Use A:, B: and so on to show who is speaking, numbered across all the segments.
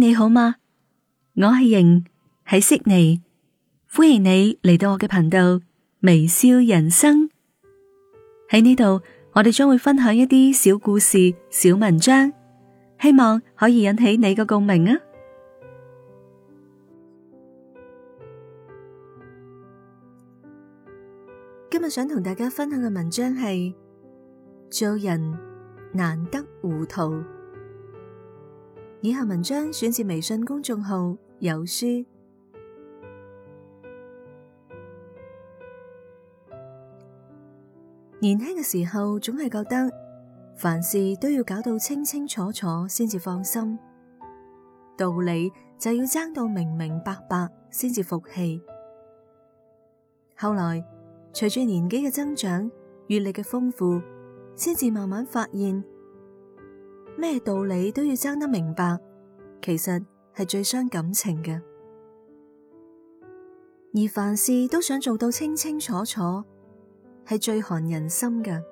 A: 你好嗎？我係瑩，喺悉尼，歡迎你嚟到我嘅頻道微笑人生。喺呢度，我哋將會分享一啲小故事、小文章，希望可以引起你個共鳴啊！今日想同大家分享嘅文章係：做人難得糊塗。以下文章選自微信公眾號有書。年輕嘅時候，總係覺得凡事都要搞到清清楚楚先至放心，道理就要爭到明明白白先至服氣。後來，隨住年紀嘅增長，閱歷嘅豐富，先至慢慢發現。咩道理都要爭得明白，其實係最傷感情嘅而凡事都想做到清清楚楚，係最寒人心嘅。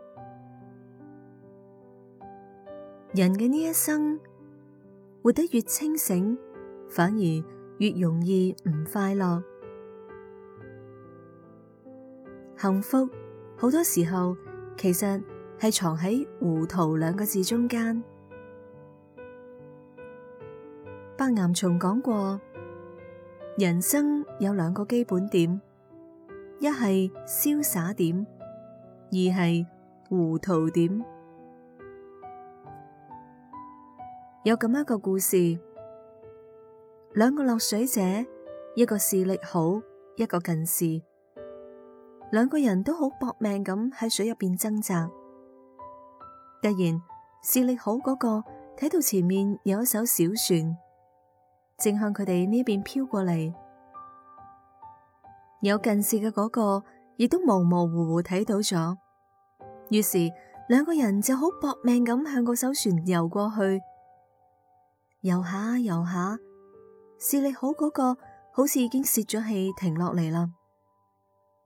A: 人嘅呢一生活得越清醒，反而越容易唔快樂。幸福好多時候其實係藏喺糊塗兩個字中間。岩松講過，人生有兩個基本點，一係瀟灑點，二係糊塗點。有咁一個故事，兩個落水者，一個視力好，一個近視，兩個人都好搏命咁喺水入邊掙扎。突然，視力好嗰個睇到前面有一艘小船，正向佢哋呢邊飄過嚟，有近視嘅嗰個亦都模模糊糊睇到咗，於是兩個人就好搏命咁向個艘船游過去，游下游下，視力好嗰個好似已經泄咗氣停落嚟啦，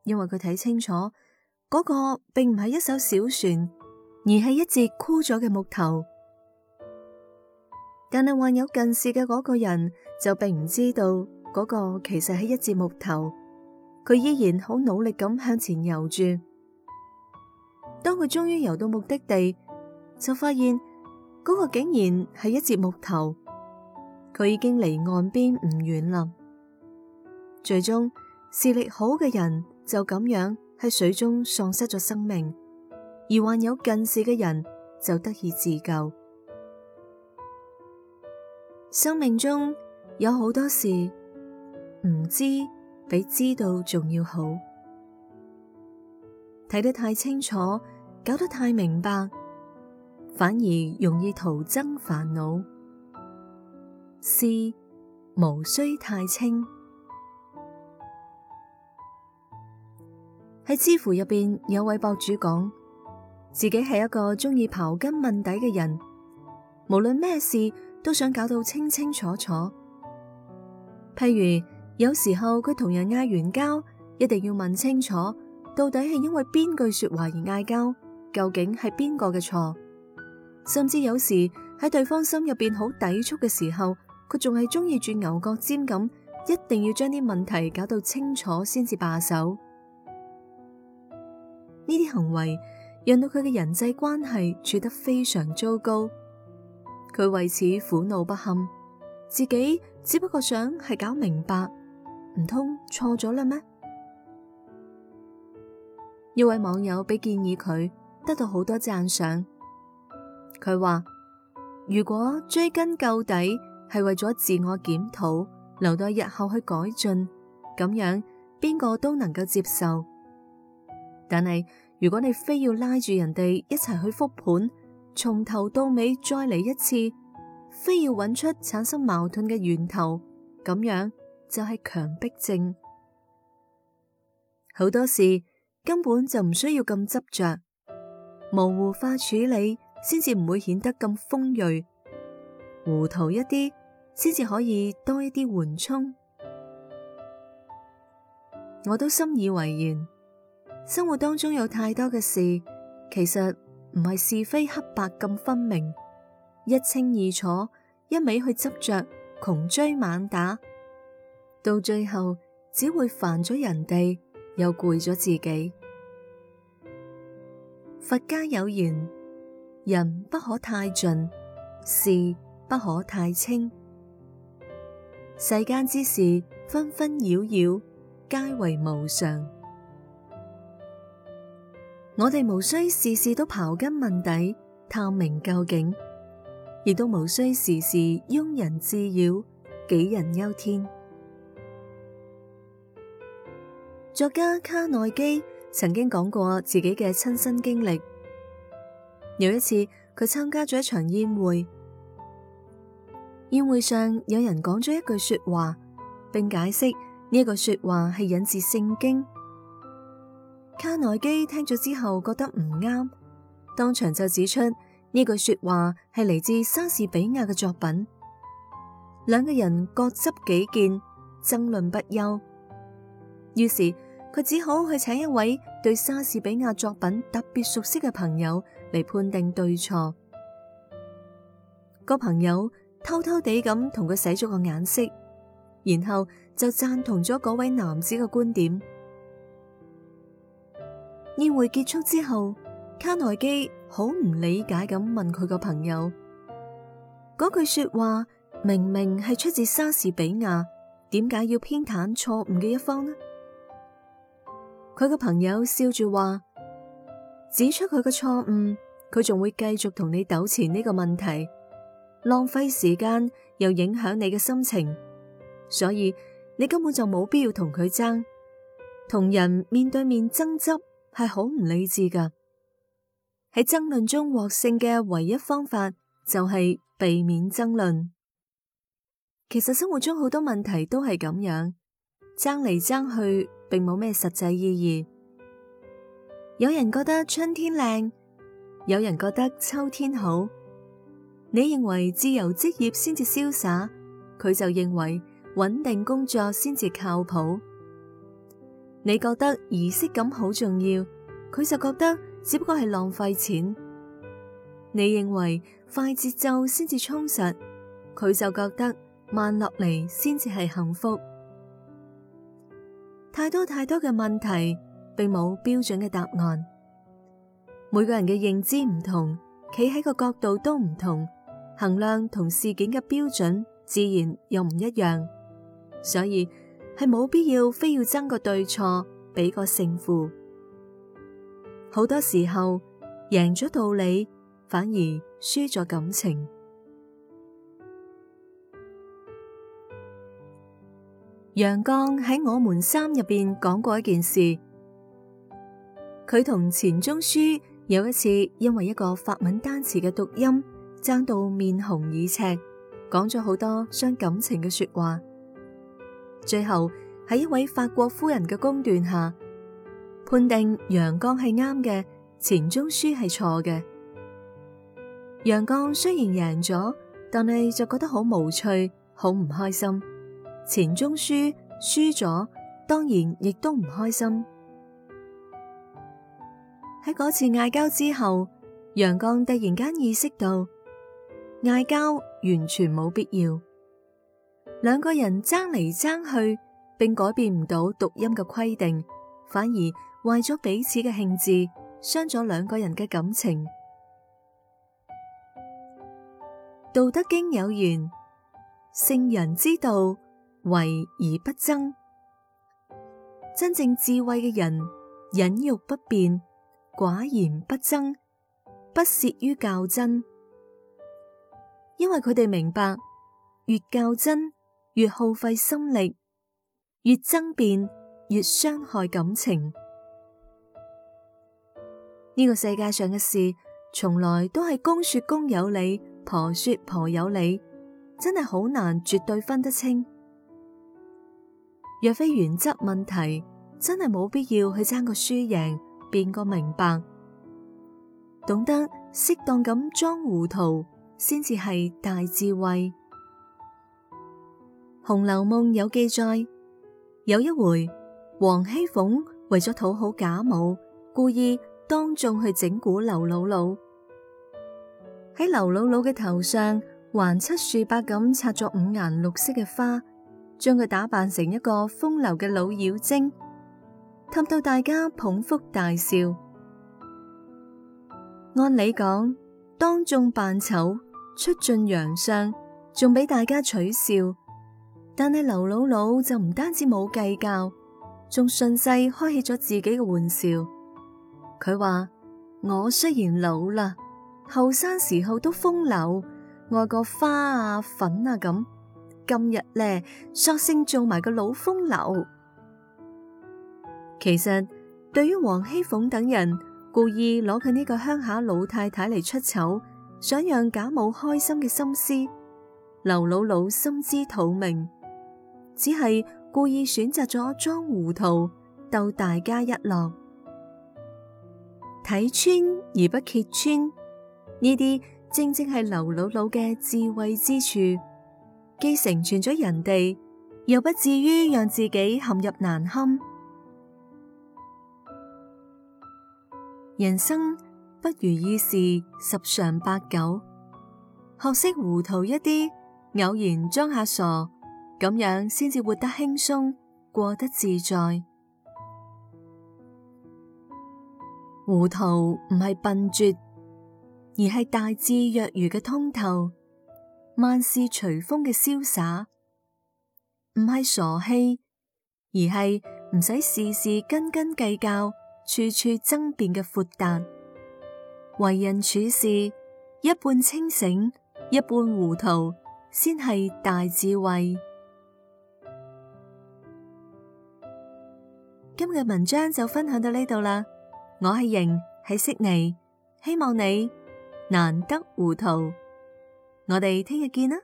A: 因為佢睇清楚嗰個並唔係一艘小船，而係一截枯咗嘅木頭。但係患有近視嘅嗰個人就並唔知道嗰個其實係一截木頭，佢依然好努力咁向前游住。當佢終於游到目的地，就發現嗰個竟然係一截木頭，佢已經離岸邊唔遠啦。最終視力好嘅人就咁樣喺水中喪失咗生命，而患有近視嘅人就得以自救。生命中有好多事唔知比知道仲要好，睇得太清楚，搞得太明白，反而容易徒增煩惱。事無需太清。喺 知乎入邊有位博主講，自己係一個中意刨根問底嘅人，無論咩事，都想搞到清清楚楚。譬如有時候佢同人嗌完交，一定要問清楚到底係因為邊句說話而嗌交，究竟係邊個嘅錯。甚至有時喺對方心入邊好抵觸嘅時候，佢仲係鍾意鑽牛角尖咁，一定要將啲問題搞到清楚先至罷手。呢啲行為讓到佢嘅人際關係處得非常糟糕。佢為此苦惱不堪，自己只不過想係搞明白，唔通錯咗啦咩？一位網友俾建議佢，得到好多讚賞。佢話：如果追根究底係為咗自我檢討，留待日後去改進，咁樣邊個都能夠接受。但係如果你非要拉住人哋一齊去復盤，從頭到尾再嚟一次，非要揾出產生矛盾嘅源頭，咁樣就係強迫症。好多事根本就唔需要咁執着，模糊化處理先至唔會顯得咁鋒銳，糊塗一啲先至可以多一啲緩衝。我都深以為然，生活當中有太多嘅事，其實。唔係是，是非黑白咁分明，一清二楚，一味去執着，窮追猛打，到最後只會煩咗人哋，又攰咗自己。佛家有言：人不可太盡，事不可太清。世間之事紛紛擾擾，皆為無常。我哋無需事事都刨根問底、探明究竟，亦都無需時時庸人自擾、杞人憂天。作家卡內基曾經講過自己嘅親身經歷，有一次佢參加咗一場宴會，宴會上有人講咗一句說話，並解釋呢一句說話係引自聖經。卡內基聽咗之後覺得唔啱，當場就指出呢句說話係嚟自莎士比亞嘅作品。兩個人各執己見，爭論不休。於是佢只好去請一位對莎士比亞作品特別熟悉嘅朋友嚟判定對錯。個朋友偷偷地咁同佢使咗個眼色，然後就贊同咗嗰位男子嘅觀點。宴會結束之後，卡內基好唔理解咁問佢個朋友：嗰句說話明明係出自莎士比亞，點解要偏袒錯誤嘅一方呢？佢個朋友笑住話：指出佢嘅錯誤，佢仲會繼續同你糾纏呢個問題，浪費時間又影響你嘅心情，所以你根本就冇必要同佢爭，同人面對面爭執。係好唔理智噶，喺爭論中獲勝嘅唯一方法就係避免爭論。其實生活中好多問題都係咁樣，爭嚟爭去並冇咩實際意義。有人覺得春天靚，有人覺得秋天好。你認為自由職業先至瀟灑，佢就認為穩定工作先至靠譜。你覺得儀式感好重要，佢就覺得只不過係浪費錢；你認為快節奏先至充實，佢就覺得慢落嚟先至係幸福。太多太多嘅問題，並冇標準嘅答案。每個人嘅認知唔同，企喺個角度都唔同，衡量同事件嘅標準自然又唔一樣，所以。係冇必要，非要爭個對錯，比個勝負。好多時候，贏咗道理反而輸咗感情。楊絳喺《我們三》入邊講過一件事，佢同錢鍾書有一次因為一個法文單詞嘅讀音爭到面紅耳赤，講咗好多傷感情嘅說話。最後喺一位法國夫人嘅公斷下，判定楊絳係啱嘅，錢鍾書係錯嘅。楊絳雖然贏咗，但係就覺得好無趣，好唔開心。錢鍾書輸咗，當然亦都唔開心。喺嗰次嗌交之後，楊絳突然間意識到，嗌交完全冇必要。兩個人爭嚟爭去，並改變唔到讀音嘅規定，反而壞咗彼此嘅興致，傷咗兩個人嘅感情。道德經有言：聖人之道，為而不爭。真正智慧嘅人，忍辱不變，寡言不爭，不屑於較真，因為佢哋明白，越較真。越耗費心力，越爭辯，越傷害感情。呢個世界上嘅事，從來都係公說公有理，婆說婆有理，真係好難絕對分得清。若非原則問題，真係冇必要去爭個輸贏，辯個明白。懂得適當咁裝糊塗，先至係大智慧。《紅樓夢》有記載，有一回，王熙鳳為咗討好賈母，故意當眾去整蠱劉姥姥，喺劉姥姥嘅頭上橫七豎八咁插咗五顏六色嘅花，將佢打扮成一個風流嘅老妖精，氹到大家捧腹大笑。按理講，當眾扮醜出盡洋相，仲俾大家取笑。但係劉姥姥就唔單止冇計較，仲順勢開起咗自己嘅玩笑。佢話：我雖然老啦，後生時候都風流，愛個花啊粉啊咁。今日呢，索性做埋個老風流。其實對於王熙鳳等人故意攞佢呢個鄉下老太太嚟出醜，想讓賈母開心嘅心思，劉姥姥心知肚明。只係故意選擇咗裝糊塗，逗大家一樂，睇穿而不揭穿，呢啲正正係劉姥姥嘅智慧之處，既成全咗人哋，又不至於讓自己陷入難堪。人生不如意事十常八九，學識糊塗一啲，偶然裝下傻。咁樣先至活得輕鬆，過得自在。糊塗唔係笨拙，而係大智若愚嘅通透；萬事隨風嘅瀟灑，唔係傻氣，而係唔使事事斤斤計較，處處爭辯嘅豁達。為人處事，一半清醒，一半糊塗，先係大智慧。今日文章就分享到呢度啦，我係瑩，喺悉尼，希望你難得糊塗，我哋聽日見啦。